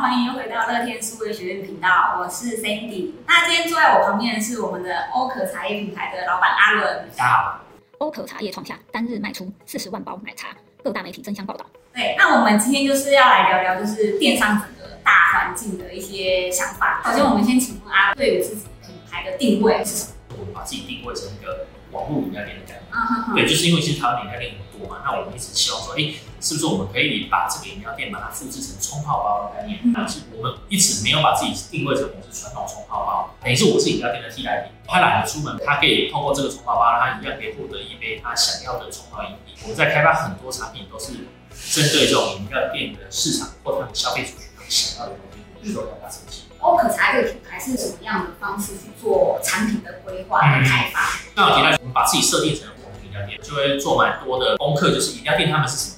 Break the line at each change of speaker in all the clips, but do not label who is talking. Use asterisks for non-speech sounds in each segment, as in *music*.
歡迎又回到樂天數位學院頻道，我是 Sandy。那今天坐在我旁邊的是我們的歐可茶葉品牌的老闆阿倫，大家好。歐可茶葉創下單日賣出四十萬包奶茶，各大媒體爭相報道。對，那我們今天就是要來聊聊，就是電商整個大環境的一些想法。首先，我們先請問阿倫，對於自己品牌的定位是什麼？我們把自己定位成一個網絡飲料店的概念，哦、呵呵對，就是因為現在網絡飲料店很多嘛，那我們一直希望說，哎、欸。是不是我們可以把這個飲料店把它複製成沖泡包的概念？但是、嗯、我們一直沒有把自己定位成我是傳統沖泡包，等於是我是飲料店的替代品。他懶得出門，他可以通過這個沖泡包，他一樣可以獲得一杯他想要的沖泡飲品。我們在開發很多產品都是針對這種飲料店的市場或他們消費族群想要的東西，所以歐可茶這個品牌是什麼樣的方式去做產品的規劃跟開發、嗯。那我提到我們把自己設定成我們飲料店，就會做蠻多的功課，就是飲料店他們是什麼。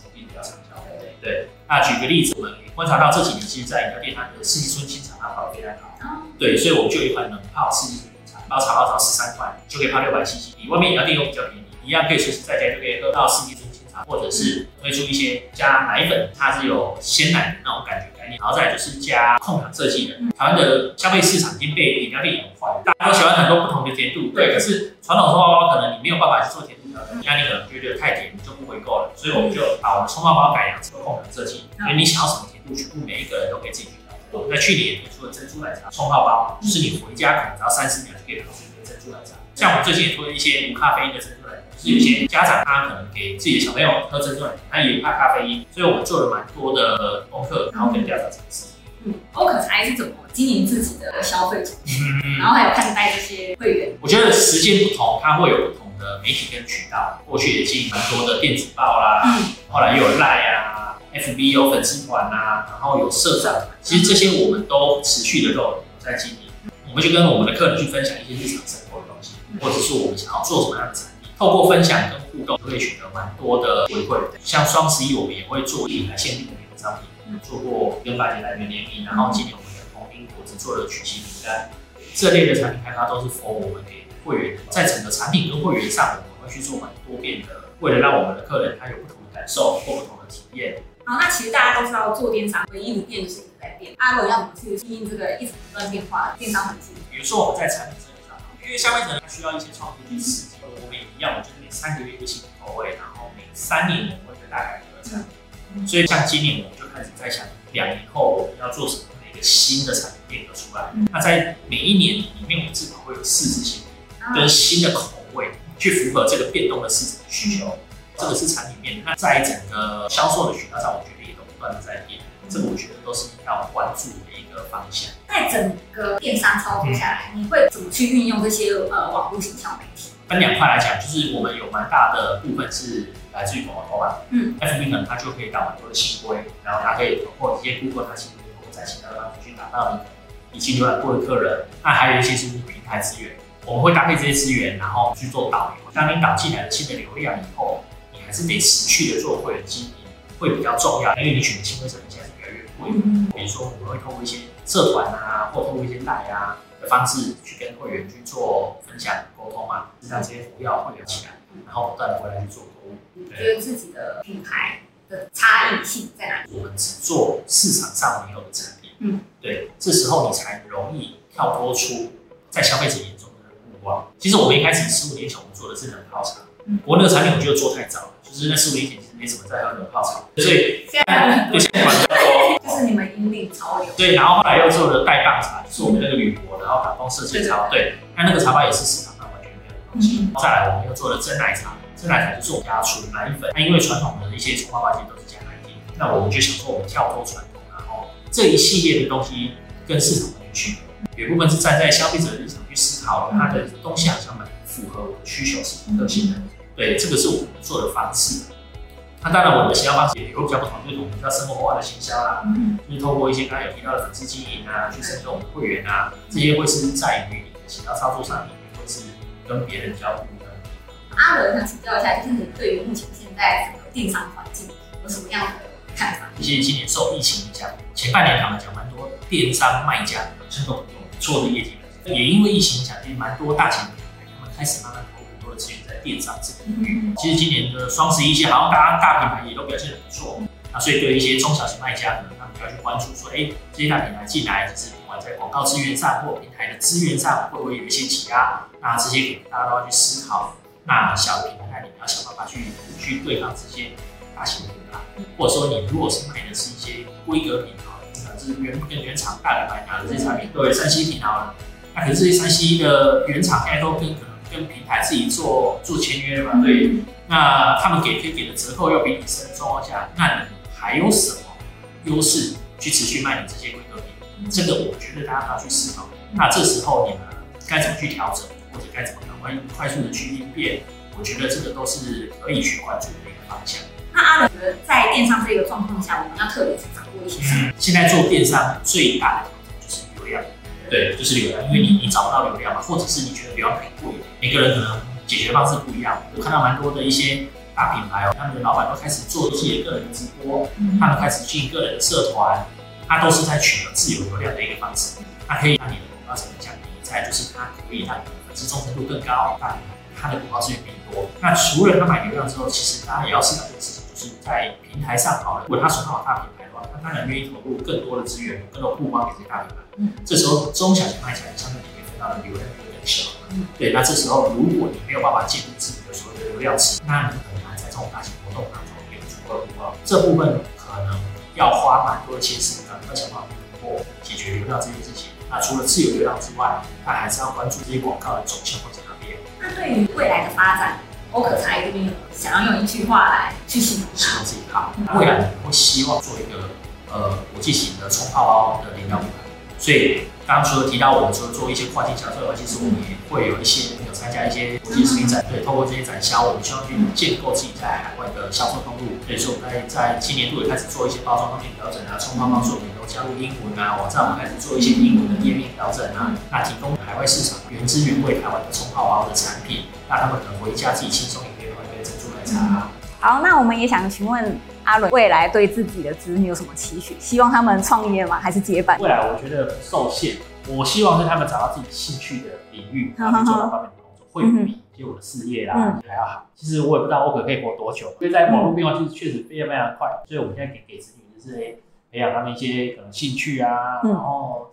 對，那舉個例子，我們觀察到這幾年其實在飲料店它的四季春清茶賣得非常好。嗯、對，所以我們就有一款冷泡四季春清茶，然後茶包茶十三塊就可以泡六百 CC，比外面飲料店都比較便宜，一樣可以隨時在家就可以喝到四季春清茶，或者是推出一些加奶粉，它是有鮮奶的那種感覺概念，然後再就是加控糖設計的。嗯、台灣的消費市場已經被飲料店養壞了，大家都喜歡很多不同的甜度。對，嗯、對，可是傳統說娃娃可能你沒有辦法去做甜度調整，壓力、嗯、可能就覺得太甜。不回購了，所以我們就把我們的沖泡包改良成共享設計，所以你想要什麼甜度，全部每一個人都可以自己去調。我們在去年推出的珍珠奶茶沖泡包，嗯、是你回家可能只要三十秒就可以拿出一個珍珠奶茶。像我們最近也做了一些無咖啡因的珍珠奶茶，是有些家長他可能給自己的小朋友喝珍珠奶茶，他也怕咖啡因，所以我們做了蠻多的功課，然後跟家長嘗試。嗯，歐可茶葉是怎麼經營自己的、啊、消費者，嗯、然後還有看待這些會員。我覺得時間不同，他會有不同的媒體跟渠道，過去也經營蠻多的電子報啦，嗯、後來又有賴啊，FB 有粉絲團吶，然後有社長，其實這些我們都持續的都有在經營。嗯、我們就跟我們的客人去分享一些日常生活的東西，嗯、或者是我們想要做什麼樣的產品，透過分享跟互動，可以取得蠻多的回饋。像雙十一，我們也會做品牌限定的聯名商品，嗯、做過跟百里來源聯名，然後今年我們跟同冰果汁做了曲奇餅乾，這類的產品開發都是符合我們的。會員在整個產品跟會員上，我們會去做蠻多變的，為了讓我們的客人他有不同的感受，或不同的體驗。好、哦，那其實大家都知道做電商，唯一不變的是一直變在變。阿、啊、偉，要怎麼去經營這個一直不斷變化的電商環境？電去比如說我們在產品設計上，因為消費者他需要一些創新、與時俱進，我們也一樣，我們就是每三個月一個新的口味，然後每三年我們會大概一個產品。嗯、所以像今年，我們就開始在想，兩年後我們要做什麼每個新的產品變革出來？嗯、那在每一年裡面，我們至少會有四次新。跟新的口味去符合這個變動的市場的需求，嗯、這個市場裡面，那在整個銷售的渠道上，我覺得也都不斷的在變，這個我覺得都是你要關注的一個方向。在整個電商操作下來，嗯、你會怎麼去運用這些呃網絡行銷媒體？分兩塊來講，就是我們有蠻大的部分是來自於廣告投放，嗯，FB 呢它就可以打很多的新規，然後它可以通過直接 Google 它新規，然後在其他地方去打到已經瀏覽過的客人，那還有一些是平台資源。我們會搭配這些資源，然後去做導流。當你導進來的新的流量以後，你還是得持續的做會員經營，會比較重要。因為你選的新奢產品現在越來越貴。比如說，我們會透過一些社團啊，或透過一些帶啊的方式，去跟會員去做分享溝通嘛、啊，讓、嗯、這、這些朋友會員起來，嗯、然後不斷的回來去做服務。對，你覺得自己的品牌的差異性在哪裡？我們只做市場上沒有的產品。嗯，對，這時候你才容易跳脫出在消費者。其實我們一開始十五年前做的是冷泡茶。不過那個產品我覺得做太早了，就是那十五年前其實沒什麼在喝冷泡茶，所以對現在來說就是你們引領潮流。對，然後後來又做了袋泡茶，是我們那個鋁箔，然後反光設計茶對，那那個茶包也是市場上完全沒有的東西。再來，我們又做了真奶茶，真奶茶是我們家出奶粉，那因為傳統的一些沖泡方式都是加奶精，那我們就想說我們跳脫傳統，然後這一系列的東西跟市場的需求，有一部分是站在消費者的立場。思考他的東西好像蠻符合我的需求，是獨特性的。對，這個是我們做的方式啊。那當然，我們的營銷方式也有比較不同，就是我們比較生活化的營銷啦，就是透過一些剛剛有提到的粉絲經營啊，去滲透我們的會員啊，這些會是在於你的營銷操作上面，或者是跟別人交互的。阿倫想請教一下，就是你對於目前現在整個電商環境有什麼樣的看法？其實今年受疫情影響，前半年好像講蠻多，電商賣家這種有滲透不錯的業績。也因為疫情，講其實蠻多大型品牌的他們開始慢慢投很多的資源在電商這個領域。嗯嗯嗯，其實今年的雙十一些，好像大家大品牌也都表現很不錯。嗯嗯，那所以對於一些中小型賣家可能他們就要去關注說：哎、欸，這些大品牌進來，就是不管在廣告資源上或平台的資源上，會不會有一些擠壓？那這些大家都要去思考。那小品牌，那你要想辦法去去對抗這些大型品牌，嗯嗯嗯，或者說你如果是賣的是一些規格品牌呃，牌是原跟原廠大的品牌啊這些產品，有 3C 品的那、啊、可是這些三 C 的原廠 i p o n 可能跟平台自己做做簽約嘛，嗯、對。那他們給可以給的折扣要比你深的狀況下，那你還有什麼優勢去持續賣你
這些規格品？嗯、
這個我覺得大家要去思考。嗯、那這時候你們該怎麼去調整，或者該怎麼關快速的去應變？我覺得這個都是可以去關注的一個方向。那阿倫覺得在電商這個狀況下，我們要特別去掌握一些什麼？現在做電商最大的。對，就是流量，因為你你找不到流量嘛，或者是你覺得流量太貴。每個人可能解決方式不一樣。我看到蠻多的一些大品牌哦，他們的老板都開始做自己的個人直播，他們開始進個人社團，他都是在取得自有流量的一個方式。它可以讓你的廣告成本降低，再就是它可以讓你的粉絲忠誠度更高，大品牌他的廣告資源比較多。那除了他買流量之後，其實大家也要思考的事情，就是在
平台上好了，如果
他選好大品牌。啊、那當然願意投入更多的資源、更多的曝光給這些大品牌。嗯、這時候中小型賣家相對裡面分到的流量會有點小。嗯，對，那這時候如果你沒有辦法建立自己的所謂的流量池，那你很難在這種大型活動當中有足夠的曝光。這部分可能要花蠻多的心思，想辦法去能夠解決流量這件事情。那除了自由流量之外，那還是要關注這些廣告的走向或者特別。那、啊、對於未來的發展，歐可茶一定想要用一句話來去形容自己，哈，未來會希望做一個。呃，國際型的沖泡包的飲料，所以剛剛除了提到我們說做一些跨境銷售，尤其是我們也會有一些有參加一些國際食品展，對，透過這些展銷，我們需要去建構自己在海外的銷售通路。所以說我們在在今年度也開始做一些包裝方面調整啊，沖泡包上面都加入英文啊，網站也開始做一些英文的頁面調整啊，那提供海外市場原汁原味台灣的沖泡包的產品，那他們可能回家自己輕鬆也可以泡一杯珍珠奶茶。好，那我們也想請問。阿倫未來對自己的子女有什麼期許？希望他們創業嗎？還是接班？未來我覺得不受限。我希望是他們找到自己興趣的領域，然後去做那方面的工作，哦、呵呵會比接、嗯、哼我的事業啦還要好。其實我也不知道歐可可以活多久，因為在網絡變化，就確實非常非常快。所以，我現在給給子女就是培養、欸哎、他們一些可能興趣啊，嗯、然後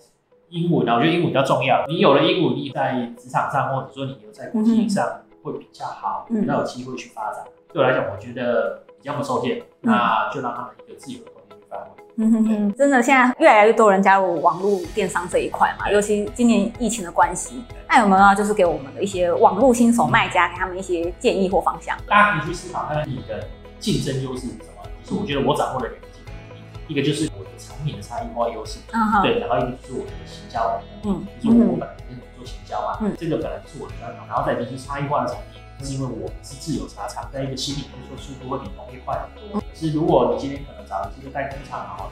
英文、啊、我覺得英文比較重要。你有了英文你在職場上，或者說你留在國際上會比較好，比較、嗯、哼有機會去發展。對我來講，我覺得。要麼受騙，那就讓他們一個自由的空間去發揮。嗯、哼哼，真的，現在越來越多人加入網絡電商這一塊嘛，尤其今年疫情的關係，嗯、哼那有沒有就是給我們的一些網絡新手賣家，嗯、哼給他們一些建議或方向？大家可以去思考看看你的競爭優勢是什麼。就是我覺得我掌握了兩個競爭力，一個就是我的產品的差異化優勢，嗯哼對，然後一個就是我的行銷能力，嗯，因為我本來就是做行銷嘛，嗯，這個本來是我的專長，然後再一個是差異化的產品。是因為我們是自有茶廠，在一個新品是說速度會比同業快很多。可是如果你今天可能找的是個代工廠，然後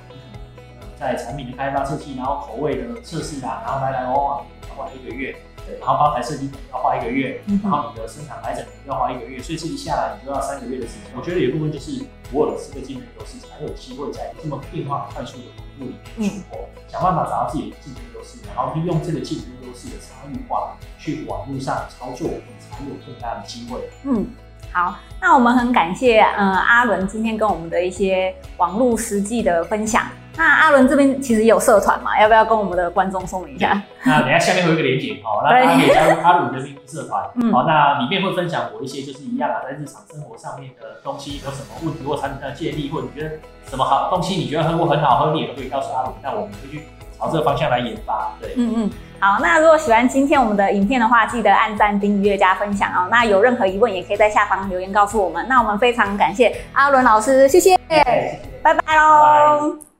你可能在產品的開發設計，然後口味的測試啊，然後來來往、哦、往。花一個月，對，然後包材設計可能要花一個月，嗯，然後你的生產排程要花一個月，所以這一下來你就要三個月的時間。我覺得有部分就是，我有了這個競爭優勢，才有機會在這麼變化快速的網絡裡面出破，嗯、想辦法找到自己的競爭優勢，然後利用這個競爭優勢的差異化去網絡上操作，才有更大的機會。嗯，好，那我們很感謝，嗯、呃，阿倫今天跟我們的一些網絡實際的分享。那阿倫這邊其實有社團嘛？要不要跟我們的觀眾說明一下？那等一下下面會有一個連結 *laughs* 哦，那大家可以加入阿倫 *laughs* 的飲品社團。好、 *laughs* 嗯哦，那裡面會分享我一些就是一樣啊，在日常生活上面的東西，有什麼問題或產品上的建議，或者你覺得什麼好東西，你覺得喝過很好喝，你也可以告訴阿倫，那我們就去朝這個方向來研發。對，嗯嗯，好，那如果喜歡今天我們的影片的話，記得按讚、訂閱、加分享哦。那有任何疑問，也可以在下方留言告訴我們。那我們非常感謝阿倫老師，謝謝，拜拜嘍。謝謝 bye bye 囉。